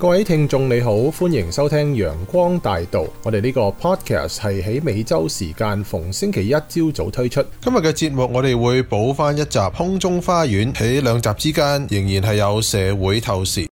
各位聽眾，你好，歡迎收聽陽光大道。我哋呢個 podcast 係喺美洲時間逢星期一朝早推出。今日嘅節目我哋會補翻一集《空中花園》，喺兩集之間仍然係有社會透視。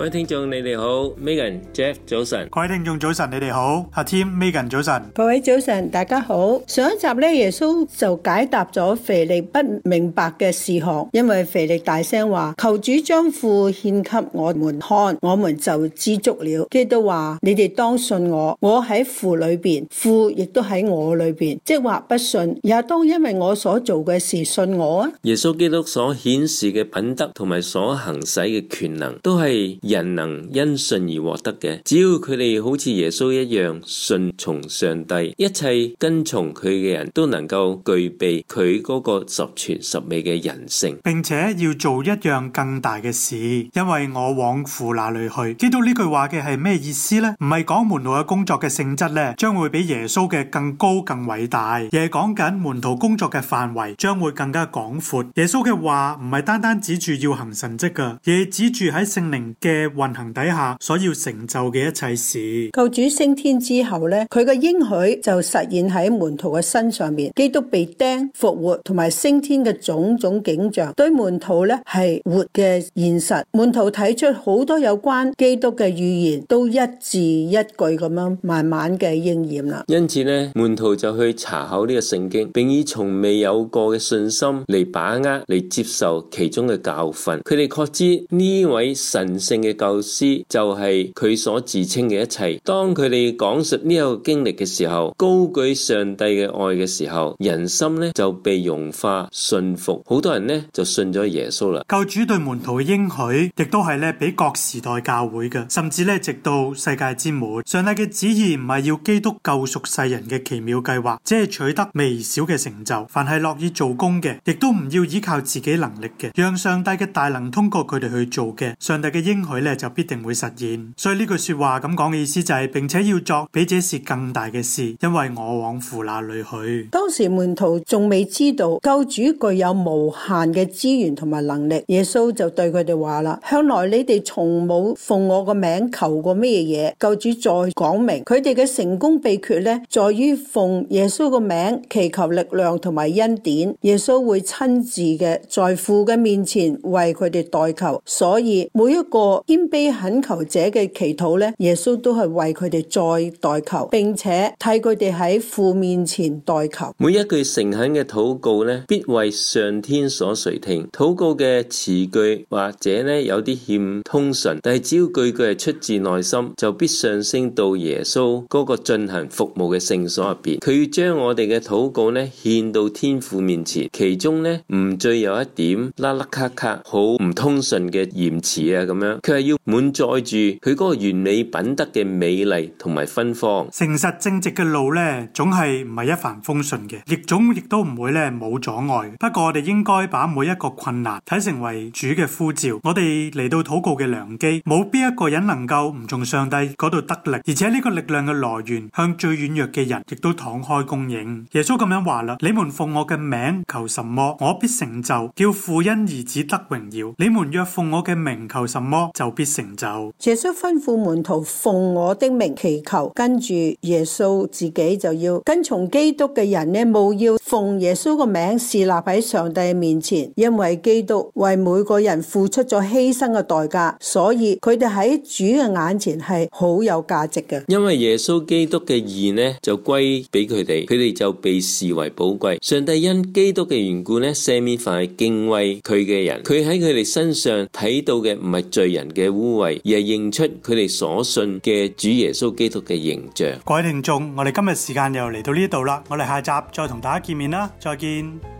各位聽眾，你哋好，Megan Jeff 早晨。各位聽眾早晨，你哋好，阿 Tim Megan 早晨。各位早晨，大家好。上一集咧，耶穌就解答咗腓力不明白嘅事項，因為腓力大聲話：求主將父獻給我們看，我們就知足了。基督話：你哋當信我，我喺父裏邊，父亦都喺我裏邊。即或不信，也當因為我所做嘅事信我啊。耶穌基督所顯示嘅品德同埋所行使嘅權能，都係。人能因信而獲得嘅，只要佢哋好似耶穌一樣順從上帝，一切跟從佢嘅人都能夠具備佢嗰個十全十美嘅人性，並且要做一樣更大嘅事。因為我往父那裏去，基督呢句話嘅係咩意思咧？唔係講門徒嘅工作嘅性質咧，將會比耶穌嘅更高更偉大。而係講緊門徒工作嘅範圍將會更加廣闊。耶穌嘅話唔係單單指住要行神迹噶，而係指住喺聖靈嘅嘅運行底下，所要成就嘅一切事。救主升天之後咧，佢嘅應許就實現喺門徒嘅身上面。基督被釘、復活同埋升天嘅種種景象，對門徒咧係活嘅現實。門徒睇出好多有關基督嘅預言，都一字一句咁樣慢慢嘅應驗啦。因此咧，門徒就去查考呢個聖經，並以從未有過嘅信心嚟把握、嚟接受其中嘅教訓。佢哋確知呢位神聖嘅。教師就係佢所自稱嘅一切。當佢哋講述呢個經歷嘅時候，高舉上帝嘅愛嘅時候，人心咧就被融化、信服。好多人咧就信咗耶穌啦。教主對門徒嘅應許，亦都係咧俾各時代教會嘅，甚至咧直到世界之末。上帝嘅旨意唔係要基督救贖世人嘅奇妙計劃，只係取得微小嘅成就。凡係樂意做工嘅，亦都唔要倚靠自己能力嘅，讓上帝嘅大能通過佢哋去做嘅。上帝嘅應。佢咧就必定會實現，所以呢句說話咁講嘅意思就係，並且要作比這事更大嘅事，因為我往父那裏去。當時門徒仲未知道救主具有無限嘅資源同埋能力，耶穌就對佢哋話啦：向來你哋從冇奉我個名求過咩嘢。救主再講明，佢哋嘅成功秘訣呢，在於奉耶穌個名祈求力量同埋恩典，耶穌會親自嘅在父嘅面前為佢哋代求，所以每一個。謙卑懇求者嘅祈禱咧，耶穌都係為佢哋再代求，並且替佢哋喺父面前代求。每一句誠懇嘅禱告咧，必為上天所垂聽。禱告嘅詞句或者咧有啲欠通順，但係只要句句係出自內心，就必上升到耶穌嗰個進行服務嘅聖所入邊。佢要將我哋嘅禱告咧獻到天父面前，其中咧唔再有一點拉拉咔咔好唔通順嘅言辭啊咁樣。佢係要滿載住佢嗰個完美品德嘅美麗同埋芬芳。誠實正直嘅路咧，總係唔係一帆風順嘅，亦總亦都唔會咧冇阻礙。不過我哋應該把每一個困難睇成為主嘅呼召，我哋嚟到禱告嘅良機。冇邊一個人能夠唔從上帝嗰度得力，而且呢個力量嘅來源向最軟弱嘅人亦都敞開供應。耶穌咁樣話啦：你們奉我嘅名求什麼，我必成就；叫父因兒子得榮耀。你們若奉我嘅名求什麼，就必成就。耶穌吩咐門徒奉我的名祈求，跟住耶穌自己就要跟從基督嘅人咧，冇要奉耶穌個名事立喺上帝面前，因為基督為每個人付出咗犧牲嘅代價，所以佢哋喺主嘅眼前係好有價值嘅。因為耶穌基督嘅義咧，就歸俾佢哋，佢哋就被視為寶貴。上帝因基督嘅緣故咧，赦免凡係敬畏佢嘅人，佢喺佢哋身上睇到嘅唔係罪人嘅污穢，而係認出佢哋所信嘅主耶穌基督嘅形象。各位聽眾，我哋今日時間又嚟到呢度啦，我哋下集再同大家見面啦，再見。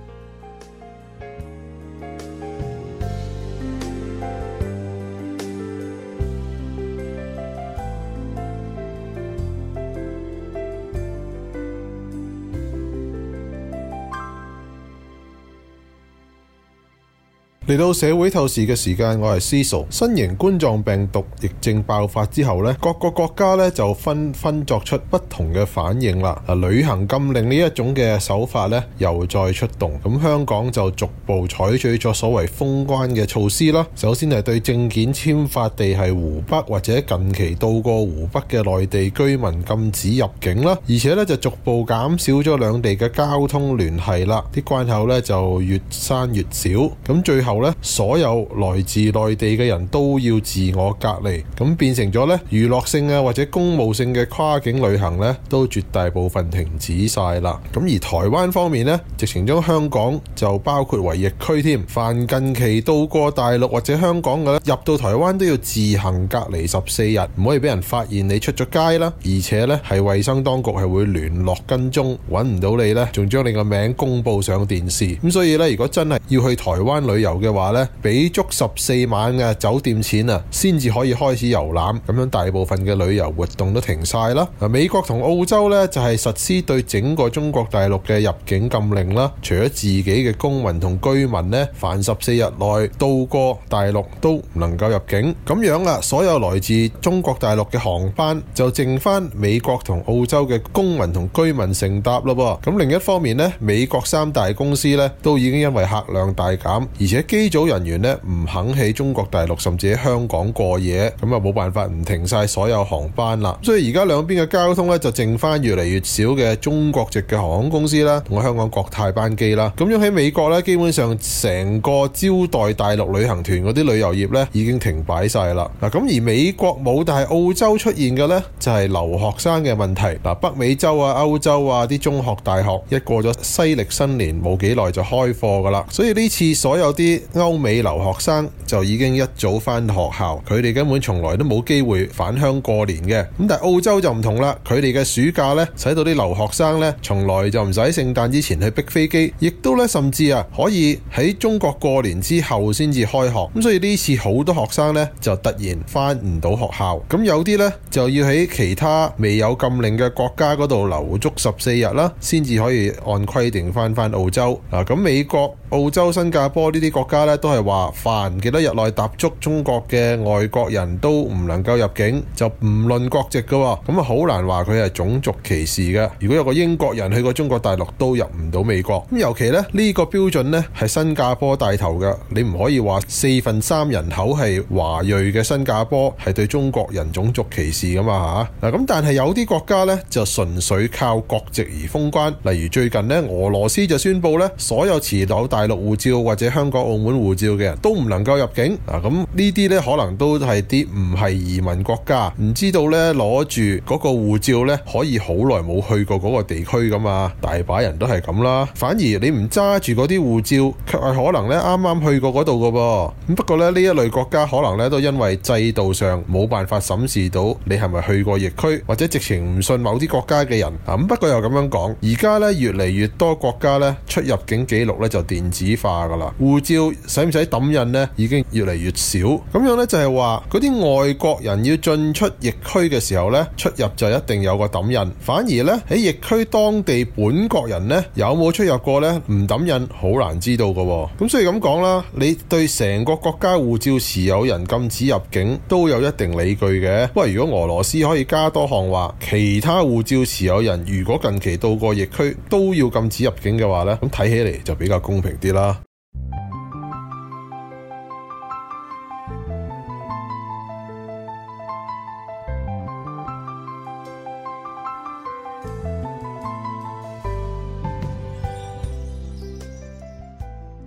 嚟到社會透視嘅時間，我係思瑤。新型冠狀病毒疫症爆發之後呢，各個國家就紛紛作出不同嘅反應啦。啊，旅行禁令呢一種嘅手法呢又再出動。咁香港就逐步採取咗所謂封關嘅措施啦。首先係對證件簽發地係湖北或者近期到過湖北嘅內地居民禁止入境啦。而且呢就逐步減少咗兩地嘅交通聯繫啦。啲關口呢就越刪越少。咁最後所有來自內地嘅人都要自我隔離，咁變成咗呢娛樂性啊或者公務性嘅跨境旅行呢都絕大部分停止晒啦。咁而台灣方面呢，直情將香港就包括為疫區添，凡近期到過大陸或者香港嘅入到台灣都要自行隔離十四日，唔可以俾人發現你出咗街啦。而且呢，係衞生當局係會聯絡跟蹤，揾唔到你呢，仲將你個名公佈上電視。咁所以呢，如果真係要去台灣旅遊，嘅話呢，俾足十四晚嘅酒店錢啊，先至可以開始遊覽。咁樣大部分嘅旅遊活動都停晒啦。美國同澳洲呢，就係實施對整個中國大陸嘅入境禁令啦，除咗自己嘅公民同居民呢，凡十四日內到過大陸都唔能夠入境。咁樣啦，所有來自中國大陸嘅航班就剩翻，美國同澳洲嘅公民同居民乘搭咯噃。咁另一方面呢，美國三大公司呢，都已經因為客量大減，而且機組人員呢，唔肯喺中國大陸甚至喺香港過夜，咁啊冇辦法唔停晒所有航班啦。所以而家兩邊嘅交通呢就剩翻越嚟越少嘅中國籍嘅航空公司啦，同埋香港國泰班機啦。咁樣喺美國呢基本上成個招待大陸旅行團嗰啲旅遊業呢已經停擺晒啦。嗱，咁而美國冇，但係澳洲出現嘅呢，就係留學生嘅問題。嗱，北美洲啊、歐洲啊啲中學大學一過咗西歷新年冇幾耐就開課噶啦，所以呢次所有啲。歐美留學生就已經一早返學校，佢哋根本從來都冇機會返鄉過年嘅。咁但係澳洲就唔同啦，佢哋嘅暑假呢，使到啲留學生呢，從來就唔使聖誕之前去逼飛機，亦都呢，甚至啊可以喺中國過年之後先至開學。咁所以呢次好多學生呢，就突然返唔到學校，咁有啲呢，就要喺其他未有禁令嘅國家嗰度留足十四日啦，先至可以按規定返返澳洲嗱。咁美國、澳洲、新加坡呢啲國家。家咧都係話，凡幾多日內踏足中國嘅外國人都唔能夠入境，就唔論國籍噶喎，哦。咁啊，好難話佢係種族歧視嘅。如果有個英國人去過中國大陸都入唔到美國。咁尤其咧呢，呢個標準呢，係新加坡帶頭噶，你唔可以話四分三人口係華裔嘅新加坡係對中國人種族歧視噶嘛嚇。嗱咁，但係有啲國家呢，就純粹靠國籍而封關，例如最近呢，俄羅斯就宣布呢所有持有大陸護照或者香港澳。滿護照嘅人都唔能夠入境啊！咁呢啲呢可能都係啲唔係移民國家，唔知道呢攞住嗰個護照呢可以好耐冇去過嗰個地區㗎嘛？大把人都係咁啦。反而你唔揸住嗰啲護照，卻係可能呢啱啱去過嗰度㗎噃。咁、啊、不過呢，呢一類國家可能呢都因為制度上冇辦法審視到你係咪去過疫區，或者直情唔信某啲國家嘅人。咁、啊、不過又咁樣講，而家呢越嚟越多國家呢出入境記錄呢就電子化㗎喇，護照。使唔使抌印呢？已經越嚟越少，咁樣呢，就係話嗰啲外國人要進出疫區嘅時候呢，出入就一定有個抌印。反而呢，喺疫區當地本國人呢，有冇出入過呢？唔抌印好難知道㗎。咁所以咁講啦，你對成個國家護照持有人禁止入境都有一定理據嘅。不過如果俄羅斯可以加多項話，其他護照持有人如果近期到過疫區都要禁止入境嘅話呢，咁睇起嚟就比較公平啲啦。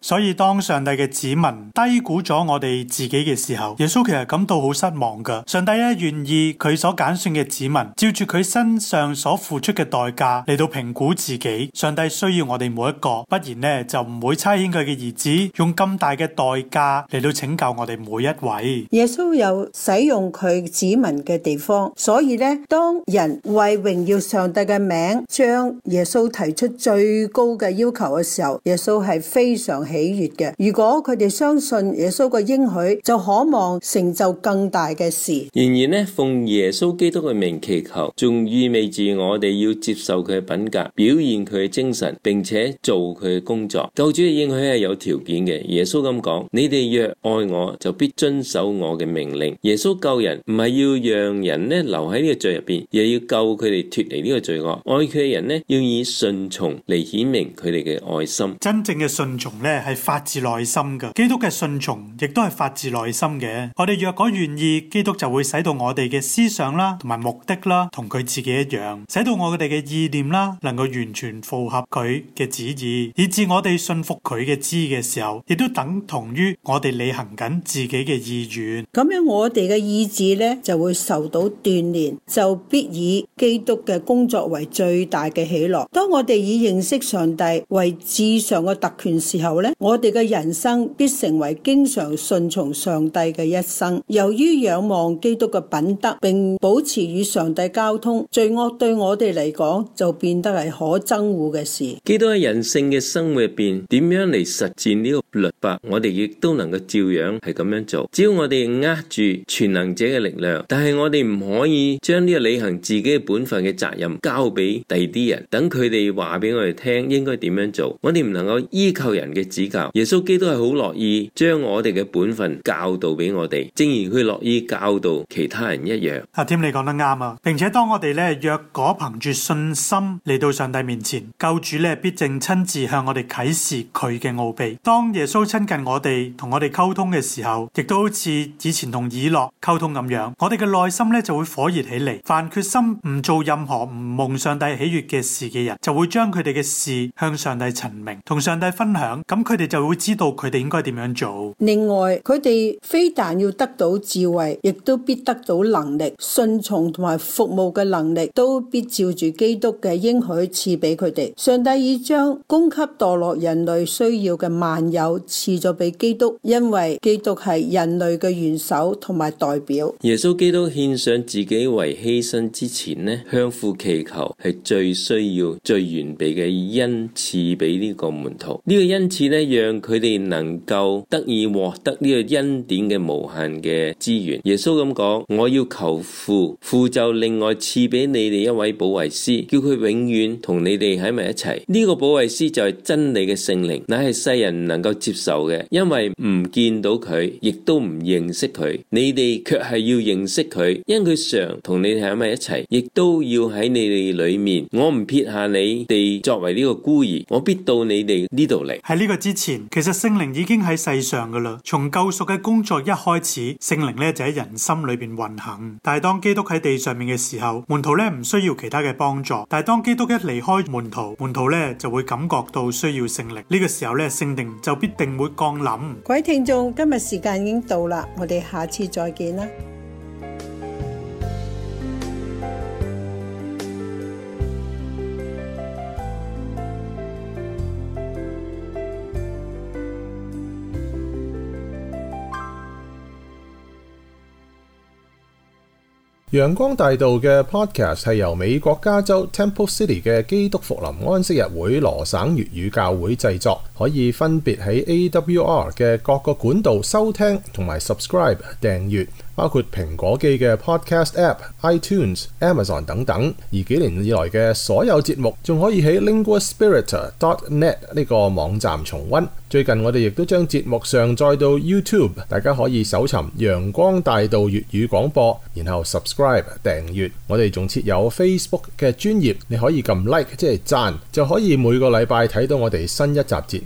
所以當上帝嘅子民低估咗我哋自己嘅時候，耶穌其實感到好失望㗎。上帝咧願意佢所揀選嘅子民照住佢身上所付出嘅代價嚟到評估自己。上帝需要我哋每一個，不然呢就唔會差遣佢嘅兒子用咁大嘅代價嚟到拯救我哋每一位。耶穌有使用佢子民嘅地方，所以呢，當人為榮耀上帝嘅名，將耶穌提出最高嘅要求嘅時候，耶穌係。非常喜悦嘅。如果佢哋相信耶穌嘅應許，就渴望成就更大嘅事。然而呢奉耶穌基督嘅名祈求，仲意味住我哋要接受佢嘅品格，表現佢嘅精神，並且做佢嘅工作。救主嘅應許係有條件嘅。耶穌咁講：你哋若愛我，就必遵守我嘅命令。耶穌救人唔係要讓人呢留喺呢個罪入邊，又要救佢哋脱離呢個罪惡。愛佢嘅人呢，要以順從嚟顯明佢哋嘅愛心。真正嘅順從咧係發自內心嘅，基督嘅順從亦都係發自內心嘅。我哋若果願意，基督就會使到我哋嘅思想啦，同埋目的啦，同佢自己一樣，使到我哋嘅意念啦，能夠完全符合佢嘅旨意，以致我哋信服佢嘅旨意嘅時候，亦都等同於我哋履行緊自己嘅意願。咁樣我哋嘅意志咧就會受到鍛煉，就必以基督嘅工作為最大嘅喜樂。當我哋以認識上帝為至上嘅特權時候咧，我哋嘅人生必成為經常順從上帝嘅一生。由於仰望基督嘅品德，並保持與上帝交通，罪惡對我哋嚟講就變得係可憎惡嘅事。基督喺人性嘅生活入邊，點樣嚟實踐呢個律法？我哋亦都能夠照樣係咁樣做，只要我哋握住全能者嘅力量，但係我哋唔可以將呢個履行自己嘅本分嘅責任交俾第啲人，等佢哋話俾我哋聽應該點樣做。我哋唔能夠依靠人嘅指教，耶穌基督係好樂意將我哋嘅本分教導俾我哋，正如佢樂意教導其他人一樣。阿添、啊，Tim，你講得啱啊！並且當我哋咧，若果憑住信心嚟到上帝面前，救主咧必正親自向我哋啟示佢嘅奧秘。當耶穌親近我哋，同我哋溝通嘅時候，亦都好似以前同以諾溝通咁樣，我哋嘅內心咧就會火熱起嚟。凡決心唔做任何唔蒙上帝喜悅嘅事嘅人，就會將佢哋嘅事向上帝陳明，同上帝分。咁佢哋就會知道佢哋應該點樣做。另外，佢哋非但要得到智慧，亦都必得到能力、順從同埋服務嘅能力，都必照住基督嘅應許賜俾佢哋。上帝已將供給墮落人類需要嘅萬有賜咗俾基督，因為基督係人類嘅元首同埋代表。耶穌基督獻上自己為犧牲之前呢，向父祈求係最需要、最完備嘅恩賜俾呢個門徒。因此咧，讓佢哋能夠得以獲得呢個恩典嘅無限嘅資源。耶穌咁講：我要求父，父就另外賜俾你哋一位保惠師，叫佢永遠同你哋喺埋一齊。呢、呢個保惠師就係真理嘅聖靈，乃係世人唔能夠接受嘅，因為唔見到佢，亦都唔認識佢。你哋卻係要認識佢，因佢常同你哋喺埋一齊，亦都要喺你哋裏面。我唔撇下你哋作為呢個孤兒，我必到你哋呢度。喺呢個之前，其實聖靈已經喺世上噶啦。從救贖嘅工作一開始，聖靈呢就喺人心裏邊運行。但係當基督喺地上面嘅時候，門徒呢唔需要其他嘅幫助。但係當基督一離開門徒，門徒呢就會感覺到需要聖靈。呢個時候呢，聖靈就必定會降臨。各位聽眾，今日時間已經到啦，我哋下次再見啦。陽光大道嘅 Podcast 係由美國加州 Temple City 嘅基督復臨安息日會羅省粵語教會製作。可以分別喺 AWR 嘅各個管道收聽同埋 subscribe 訂閱，包括蘋果機嘅 Podcast App、iTunes、Amazon 等等。而幾年以來嘅所有節目，仲可以喺 linguaspirit.net 呢個網站重溫。最近我哋亦都將節目上載到 YouTube，大家可以搜尋陽光大道粵語廣播，然後 subscribe 訂閱。我哋仲設有 Facebook 嘅專頁，你可以撳 like 即係讚，就可以每個禮拜睇到我哋新一集節